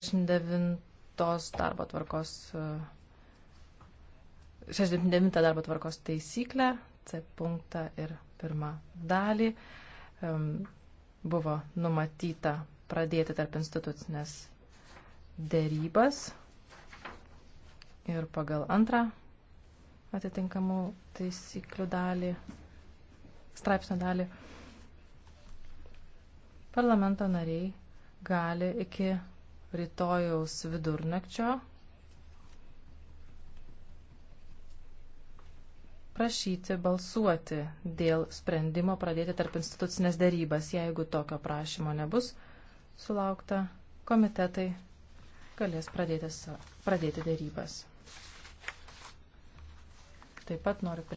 69 darbo tvarkos 69 e, darbo tvarkos taisyklę, C punktą ir pirmą dalį buvo numatyta pradėti tarp institucinės dėrybas ir pagal antrą atitinkamų taisyklių dalį, straipsnio dalį, parlamento nariai gali iki rytojaus vidurnakčio prašyti balsuoti dėl sprendimo pradėti tarp institucinės darybas. Jeigu tokio prašymo nebus sulaukta, komitetai galės pradėti, pradėti darybas. Taip pat noriu